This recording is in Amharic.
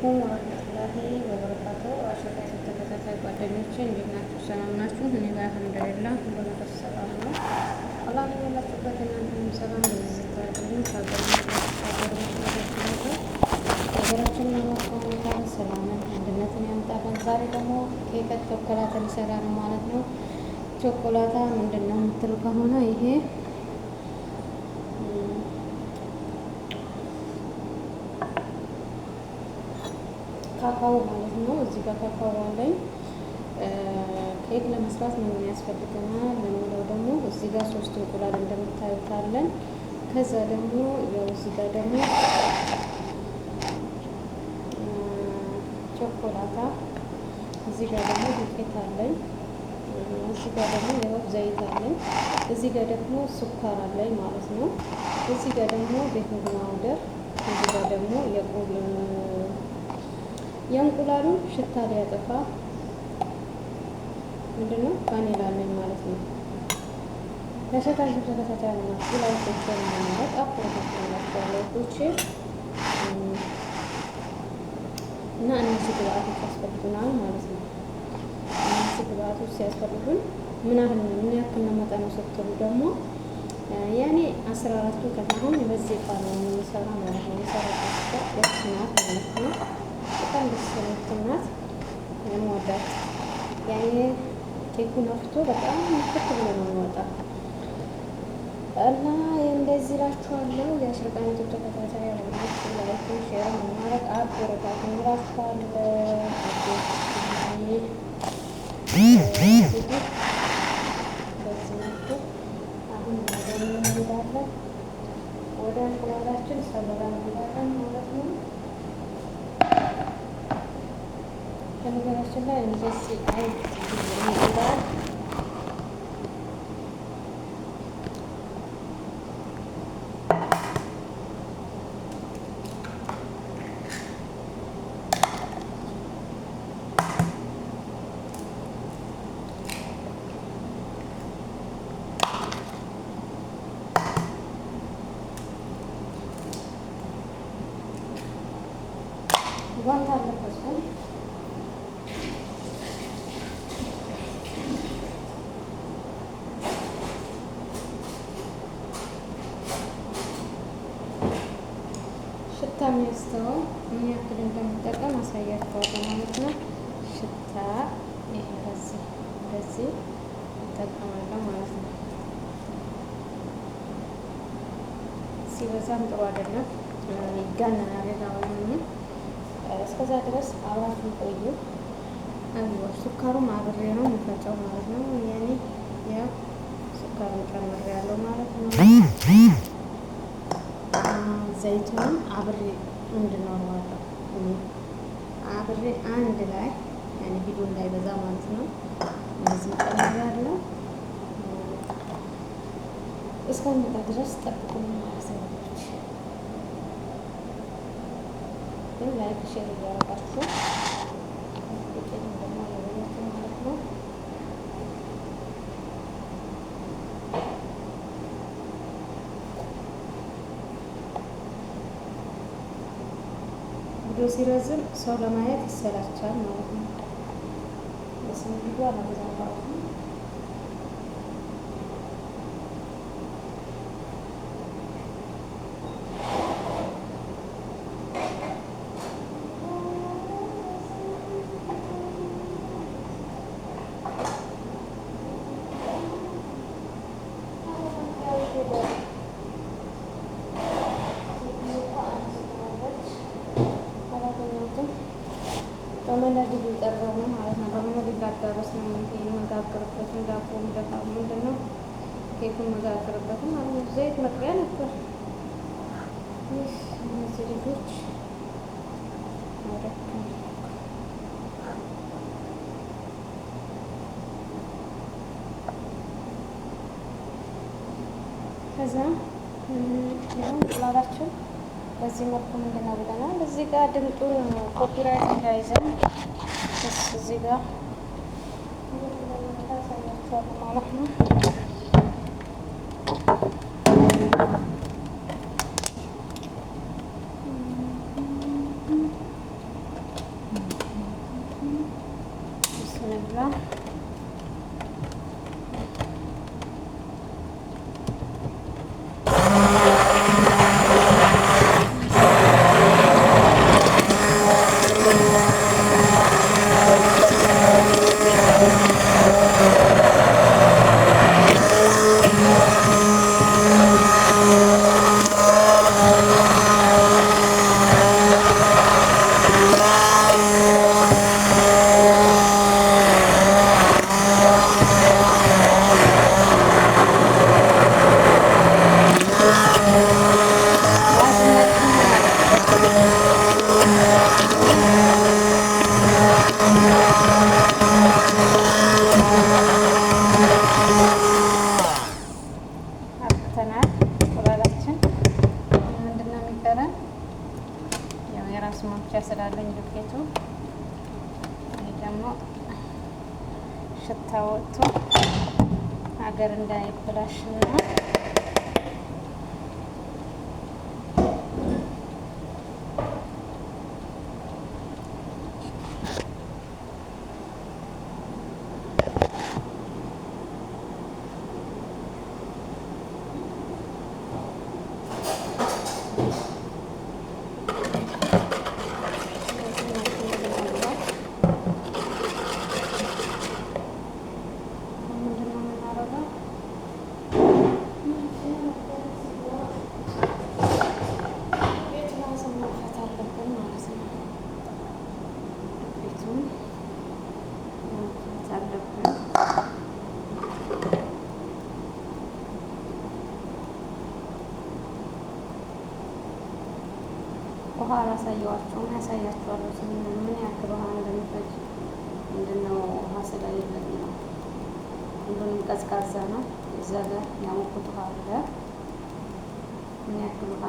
አለይኩም ወረህመቱላሂ ወበረካቱ። አሸቃሽ ተከታታይ ጓደኞቼ እንዴት ናችሁ? ሰላም ናችሁ? እኔ ጋር አልሐምዱሊላህ ሁሉ ነገር ሰላም ነው። አላህ ነው ያላችሁበት ሰላም ዝታርግልኝ ሀገራችን ለማስቆመታን ሰላምን አንድነትን ያምጣለን። ዛሬ ደግሞ ኬከት ቾኮላታ ሊሰራ ነው ማለት ነው። ቾኮላታ ምንድን ነው የምትሉ ከሆነ ይሄ ካካው ማለት ነው። እዚህ ጋር ካካው አለኝ። ኬክ ለመስራት ምን ያስፈልገናል ለሚለው ደግሞ እዚህ ጋር ሶስት እንቁላል እንደምታዩት አለን። ከዛ ደግሞ ያው እዚህ ጋር ደግሞ ቾኮላታ፣ እዚህ ጋር ደግሞ ዱቄት አለኝ። እዚህ ጋር ደግሞ ያው ዘይት አለኝ። እዚህ ጋር ደግሞ ሱካር አለኝ ማለት ነው። እዚህ ጋር ደግሞ ቤኪንግ ፓውደር፣ እዚህ ጋር ደግሞ የቁል የእንቁላሉን ሽታ ሊያጠፋ ምንድን ነው ቫኒላ ነኝ ማለት ነው። ለሸታሽ ተከታታይ ነው እንቁላል ሶፍትን ማለት አፍሮታችላቸዋለሁ ቶቼ እና እነዚህ ግብአቶች ያስፈልጉናል ማለት ነው። እነዚህ ግብአቶች ሲያስፈልጉን ምን ያህል ነው ምን ያክል ነው መጠኑ ስትሉ ደግሞ ያኔ አስራ አራቱ ከታሁን በዚህ ቃል ነው የሚሰራ ማለት ነው። የሰራ ስታ ናት ማለት ነው። በጣም ደስ የምትል ናት። የምወዳት ያኔ ኬኩን አፍቶ በጣም ምክት ብሎ ነው የሚወጣው እና እንደዚህ እላችኋለሁ። የአስርቀን ዩቱብ ተከታታይ ያለች ላይክ ሼር ማድረግ አበረታት እላችኋለሁ። international embassy and Myanmar. One time the person. ሽታ የሚያስተው ምን ያክል እንደሚጠቀም አሳያችኋለሁ ማለት ነው። ሽታ ይሄ በዚህ እንደዚህ ይጠቀማለሁ ማለት ነው። ሲበዛም ጥሩ አይደለም፣ ይጋነናል። ዛሆነ እስከዛ ድረስ አብራችሁ ቆዩ። አይወር ሱካሩም አብሬ ነው የሚፈጨው ማለት ነው። ያኔ ያው ሱካሩን ጨምሬያለሁ ማለት ዘይቱንም አብሬ እንድኖረዋለሁ እኔ አብሬ አንድ ላይ ያኔ ቪዲዮ እንዳይበዛ ማለት ነው። እነዚህ ቀምር ያለው ድረስ ጠብቁ ሰዎች። ላይክ ሼር እያረጋችሁ ቪዲዮ ሲረዝም ሰው ለማየት ይሰላቻል ማለት ነው። ስም ቪዲዮ አላበዛባሁም። በመለድብ የጠረቡ ማለት ነው። በመለድብ ላዳረስ ነው የመጋገርበትን ዳቦ ምደፋ ምንድን ነው ኬኩን ማለት ነው። ዘይት ነበር። እነዚህ ልጆች ከዛ በዚህ መልኩ ምንድን ነው ብለናል። እዚህ ጋር ድምጡን ኮፒራይት እንዳይዘን እዚህ ጋር ማለት ነው። ሽታ ወጥቶ ሀገር እንዳይበላሽ ነው። ውሃ አላሳየዋቸውም፣ ያሳያቸዋለሁ። ሲሆን ምን ያክል ውሃ እንደሚፈጅ ምንድነው ውሃ ስለሌለኝ ነው። ሁሉንም ቀዝቃዛ ነው። እዛ ጋር ያሞቁት ውሃ አለ። ምን ያክል ውሃ